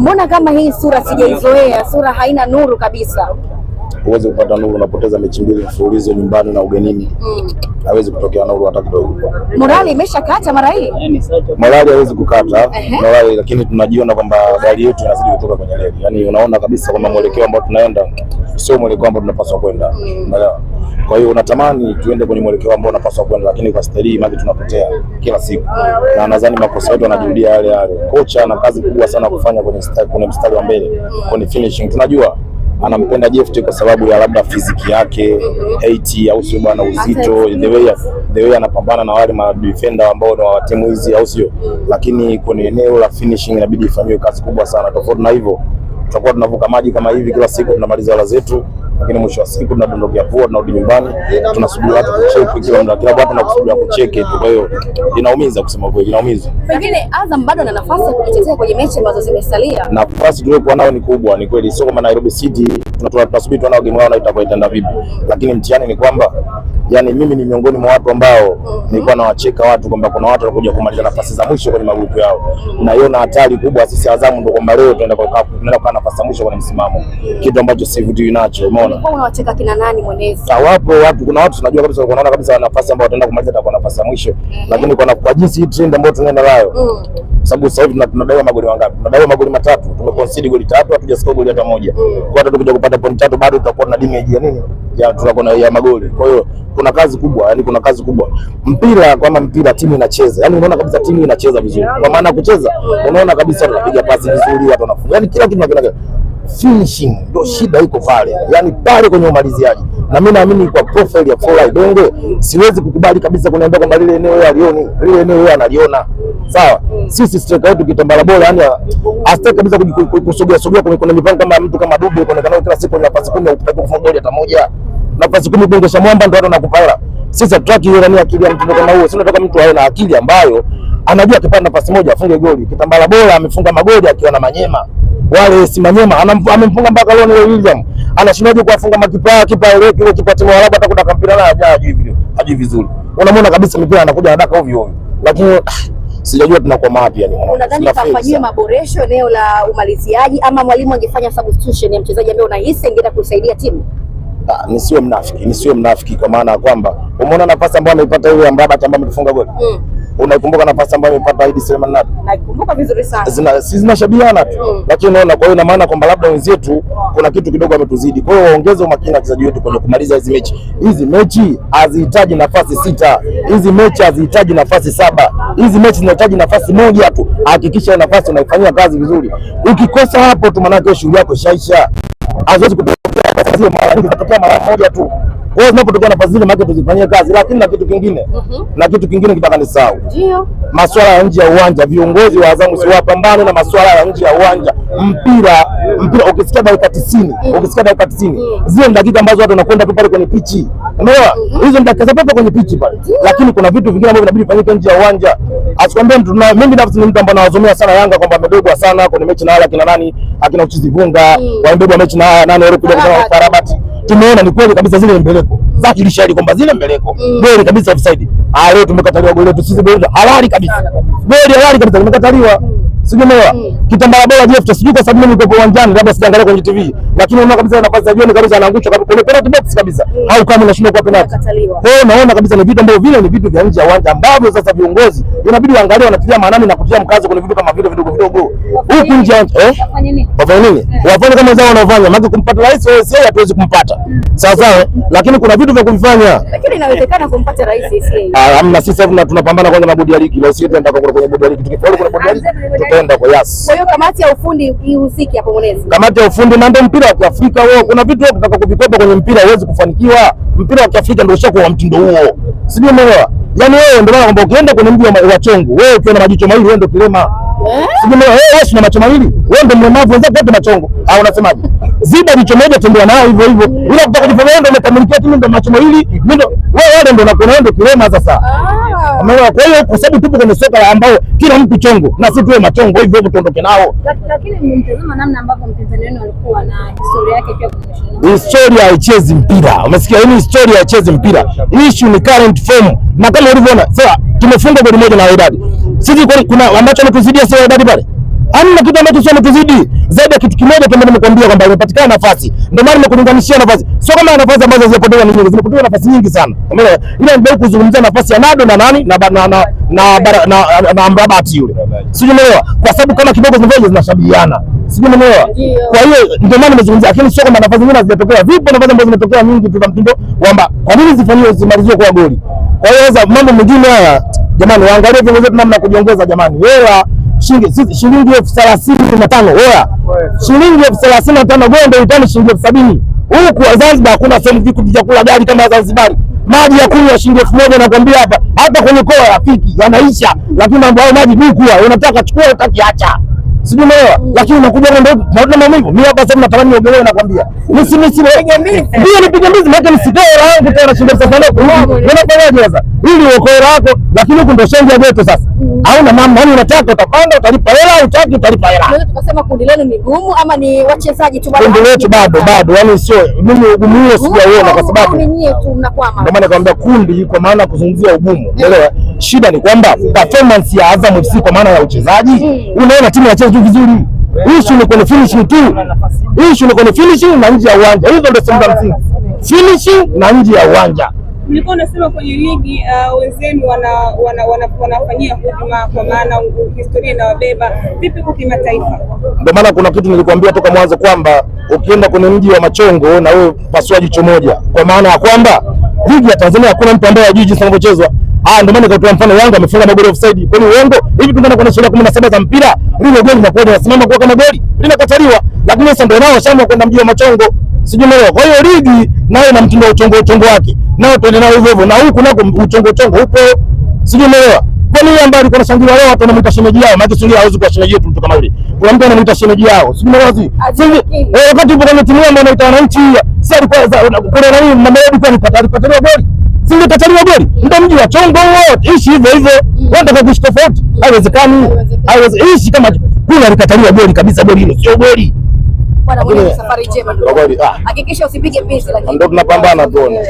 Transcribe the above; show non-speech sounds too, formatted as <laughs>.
mbona kama hii sura sijaizoea, sura haina nuru kabisa. Huwezi kupata nuru, unapoteza mechi mbili mfululizo nyumbani na ugenini. Mm. Hawezi kutokea nuru hata kidogo. Morali imeshakata mara hii, morali hawezi kukata uh -huh. Morali lakini tunajiona kwamba gari yetu inazidi kutoka kwenye reli, yaani unaona kabisa kwamba mwelekeo ambao tunaenda sio mwelekeo ambao tunapaswa kwenda, unaelewa? Mm. Kwa hiyo unatamani tuende kwenye mwelekeo ambao unapaswa kwenda, lakini kwa staili maji tunapotea kila siku, na nadhani makosa yetu yanajirudia yale yale. Kocha ana kazi kubwa sana kufanya kwenye mstari, kwenye mstari wa mbele, kwenye finishing. Tunajua anampenda Jeff kwa sababu ya labda fiziki yake height, au sio bwana, uzito the way the way anapambana na wale madefender ambao ni wa timu hizi au sio, lakini kwenye eneo la finishing inabidi ifanyiwe kazi kubwa sana. Tofauti na hivyo tutakuwa tunavuka maji kama hivi kila siku, tunamaliza wala zetu, lakini mwisho wa siku tunadondokea pua, tunarudi nyumbani, tunasubiri watu kucheki, kila kila watu nakusubiria kucheki tu. Kwa hiyo inaumiza, kusema kweli inaumiza. Pengine Azam bado ana nafasi ya kujitetea kwenye mechi ambazo zimesalia, nafasi tuliokuwa nayo ni kubwa, ni kweli, sio kama Nairobi City tunasubiri tuona game wao na itakuwa itaenda vipi, lakini mtihani ni kwamba yani mimi ni miongoni mwa watu ambao mhm. nilikuwa nawacheka watu kwamba kuna watu wanakuja kumaliza nafasi za mwisho kwenye magrupu yao. Mhm. Naiona hatari kubwa sisi Azamu ndio kwamba leo tunaenda kwa nafasi za mwisho kwenye msimamo, mhm. kitu ambacho sivutiwi nacho. Umeona unawacheka kina nani mwenezi? Hawapo watu, kuna watu tunajua kabisa, wanaona kabisa nafasi ambao wataenda kumaliza kwa nafasi za mwisho, lakini kwa jinsi hii trend ambayo tunaenda nayo sababu sasa hivi tunadaiwa magoli mangapi? Tunadaiwa magoli matatu, tumeconcede goli tatu, hatuja score goli hata moja. Mm. Kwa hata tukija kupata point tatu, bado tutakuwa na damage ya nini ya tutakuwa na ya magoli. Kwa hiyo kuna kazi kubwa, yani kuna kazi kubwa. Mpira kama mpira, timu inacheza, yani unaona kabisa timu inacheza vizuri, kwa maana kucheza, unaona kabisa tunapiga pasi vizuri, watu wanafunga, yani kila kitu kinakaa finishing ndio shida iko pale, yani pale kwenye umaliziaji. Na mimi naamini kwa profile ya Florent Ibenge siwezi kukubali kabisa kuniambia kwamba lile eneo yeye alioni, lile eneo yeye analiona sawa. mm. Sisi striker wetu kitambala bora, yani astake kabisa kusogea sogea. Kuna mipango kama mtu kama dubu kuonekana kila siku nafasi kumi, ukitaka kufunga goli hata moja, nafasi kumi bongesha mwamba, ndio anakupa hela. Sisi hatutaki hiyo nani, akili ya mtu kama huyo. Sisi tunataka mtu awe na akili ambayo anajua akipata nafasi moja afunge goli. Kitambala bora amefunga magoli akiwa na Manyema wale si Manyema amemfunga mpaka leo ni William anashindaje kuwafunga makipa kipa yule kile kipa timu Arabu hata kuna kampira la hajui hivi hajui vizuri. Unamwona kabisa mipira anakuja anadaka ovyo ovyo, lakini ah, sijajua tunakwama wapi Unadhani kafanywe maboresho eneo la umaliziaji ama mwalimu angefanya substitution ya mchezaji ambaye unahisi ingeenda kusaidia timu? Ah, nisiwe mnafiki, nisiwe mnafiki kwa maana ya kwamba umeona nafasi ambayo ameipata yule ambaye ametufunga goli mm. Unaikumbuka nafasi ambayo amepata Aidi Suleiman Nabi? Nakumbuka vizuri sana. Zina si zinashabiana tu. Mm. Lakini unaona kwa hiyo ina maana kwamba labda wenzetu kuna kitu kidogo ametuzidi. Kwa hiyo waongeze umakini wachezaji wetu kwenye kumaliza hizi mechi. Hizi mechi hazihitaji nafasi sita. Hizi mechi hazihitaji nafasi saba. Hizi mechi zinahitaji nafasi moja tu. Hakikisha nafasi unaifanyia kazi vizuri. Ukikosa hapo tu maana yake shughuli yako ishaisha. Haziwezi kutokea mara nyingi, zitatokea mara moja tu wewe unapotokea na fazili maana tuzifanyie kazi. Lakini na kitu kingine mm -hmm. na kitu kingine kitaka nisahau, ndio masuala ya nje ya uwanja. Viongozi wa Azamu si wapambane na masuala ya nje ya uwanja. Mpira mpira ukisikia dakika 90 mm. ukisikia dakika 90 mm. zile dakika ambazo watu wanakwenda tu pale kwenye pichi, unaona mm-hmm. hizo dakika za pale kwenye pichi pale, lakini kuna vitu vingine ambavyo inabidi fanyike nje ya uwanja. Asikwambie mtu na mimi nafsi ni mtu ambaye nawazomea sana Yanga kwamba amebebwa sana kwenye mechi na wale akina nani akina uchizi vunga uchizivunga mm. wamebebwa mechi na nani wale kuja kwa Farabati tumeona ni kweli kabisa zile mbeleko za kilishari kwamba zile mbeleko goli mm. kabisa offside. Ah, leo tumekataliwa goli letu sisi, goli halali kabisa, goli halali kabisa tumekataliwa. Mm sijui umeelewa mm. kitambala bora Jephte, sijui kwa sababu mimi niko uwanjani, labda sijaangalia kwenye TV, lakini unaona kabisa nafasi ya jioni kabisa anaangusha kabisa kwenye penalty box kabisa, mm. au kama unashinda kwa penalty. Kwa hiyo naona kabisa ni vitu ambavyo vile ni vitu vya nje ya uwanja ambavyo sasa viongozi inabidi waangalie, wanatilia maanani na kutia mkazo kwenye vitu kama vile vidogo vidogo huku nje eh, wafanye nini? Mm. Wafanye kama wenzao wanaofanya, maana kumpata rais wewe sio hatuwezi kumpata sawa sawa, eh? lakini kuna vitu vya kumfanya lakini inawezekana kumpata rais ah, sisi Ah, amna sisi tunapambana kwanza na bodi ya ligi, na usiende ndako kwenye bodi ya ligi, tukifaulu kwenye bodi ya ligi kwenda kwa Yas. Kwa hiyo kamati ya ufundi ihusiki hapo Mwenezi, Kamati ya ufundi na ndio mpira wa Kiafrika wewe, kuna vitu wewe unataka kuvikopa kwenye mpira huwezi kufanikiwa. Mpira wa Kiafrika ndio ushakuwa mtindo huo, sijui umeelewa? Yaani wewe ndio maana kwamba ukienda kwenye mji wa Chongo wewe ukiwa na majicho mawili wewe ndio kilema eh? Wewe na macho mawili wewe ndio mlemavu, wenzako wote machongo. Au ah, unasemaje? <laughs> Ziba jicho moja, tembea nayo hivyo hivyo, ila ukitaka kujifanya ndio umekamilikia, timu ndio macho mawili, mimi ndio wewe, ndio unakuwa ndio kilema sasa. Ah. Umeona? Kwa hiyo kwa sababu tupo kwenye soka la ambao kila mtu chongo na sisi tuwe machongo hivyo hivyo tuondoke nao. Lakini namna ambavyo wenu na historia yake pia Historia haichezi mpira. Umesikia? Hii historia haichezi mpira. Issue ni current form. Na kama ulivyoona sasa tumefunga goli moja na Wydad. Sisi kuna ambacho ametuzidia sasa Wydad pale. Hamna kitu ambacho sio mtuzidi zaidi ya kitu kimoja kama nimekuambia kwamba imepatikana nafasi. Ndio maana nimekulinganishia nafasi. Sio kama nafasi ambazo zilipotea ni nyingi, zilipotea nafasi nyingi sana. Umeelewa? Ila ndio kuzungumzia nafasi ya Nado na nani na na na na na, na, Mrabati yule. Sijui umeelewa? Kwa sababu kama kidogo zinavyoje zinashabihiana. Sijui umeelewa? Kwa hiyo ndio maana nimezungumzia, lakini sio kama nafasi nyingine hazijatokea. Vipo nafasi ambazo zimetokea nyingi tu mtindo kwamba kwa nini zifanywe zimaliziwe kwa goli. Kwa hiyo mambo mengine haya jamani, waangalie viongozi wetu namna kujiongoza jamani. Wewe shilingi elfu thelathini na tano oya, shilingi elfu thelathini na tano gondo ndio shilingi elfu sabini Huku Zanzibar hakuna sehemu viku vya kula gari kama Zanzibar, maji ya kunywa shilingi elfu moja nakwambia hapa hata kwenye koa rafiki yanaisha, lakini mambo hayo maji bikua, unataka chukua, utakiacha Sijui umeelewa? Lakini unakuja na ndio tunaona maumivu. Mimi hapa sasa natamani niogelee na kwambia. Mimi mimi si nipige mbizi. Ndio nipige mbizi maana nisitoe raha yangu tena shida sasa leo. Unafanyaje sasa? Ili uokoe raha yako lakini huko ndio shenzi ya joto sasa. Mm. na mama yani unataka utapanda utalipa hela, au utaki utalipa hela. Unaweza tukasema kundi lenu ni gumu ama ni wachezaji tu bado? Kundi letu bado bado, yani sio mimi ugumu huo sijaona, kwa sababu. mimi Ndio maana nakwambia kundi kwa maana kuzungumzia ugumu. umeelewa? Shida ni kwamba performance ya Azam FC kwa maana ya uchezaji, unaona timu inacheza tu vizuri. Issue ni kwenye finishing tu, issue ni kwenye finishing na nje ya uwanja. Hizo ndio sehemu za msingi, finishing na nje ya uwanja. Nilikuwa nasema kwenye ligi uh, wenzenu wanafanyia huduma, kwa maana historia inawabeba vipi kwa kimataifa? Ndio maana kuna kitu nilikwambia toka mwanzo kwamba ukienda kwenye mji wa Machongo na wewe pasua jicho moja, kwa maana ya kwamba ligi ya Tanzania hakuna mtu ambaye ajui jinsi inavyochezwa. Ah, ndio maana nikatoa mfano yangu amefunga magoli offside. Kwani uongo? Hivi tunaenda kuna sheria 17 za mpira, lile goli linakuwa linasimama kwa kama goli, linakataliwa. Lakini sasa ndio nao shamba kwenda mjio machongo. Sijui leo. Kwa hiyo ligi nayo na mtindo wa uchongo uchongo wake. Nao tuende nao hivyo hivyo. Na huku nako uchongo uchongo upo. Sijui leo. Kwa nini ambaye alikuwa anashangilia leo watu wanamuita shemeji yao? Maana shemeji hauzi kwa shemeji yetu mtu kama yule. Kuna mtu anamuita shemeji yao. Sijui leo. Eh, wakati upo kwenye timu ambayo inaita wananchi, sasa alikuwa kuna nani mama yake alipata alipata goli singekataliwa goli, ndo mji wa chongo wote, ishi hivyo hivyo, wanataka kuishi tofauti. Haiwezekani, haiwezekani ishi kama kuna likataliwa goli kabisa, goli hilo sio goli. Bwana, safari njema, ah. hakikisha usipige pisi, lakini ndo tunapambana tuone.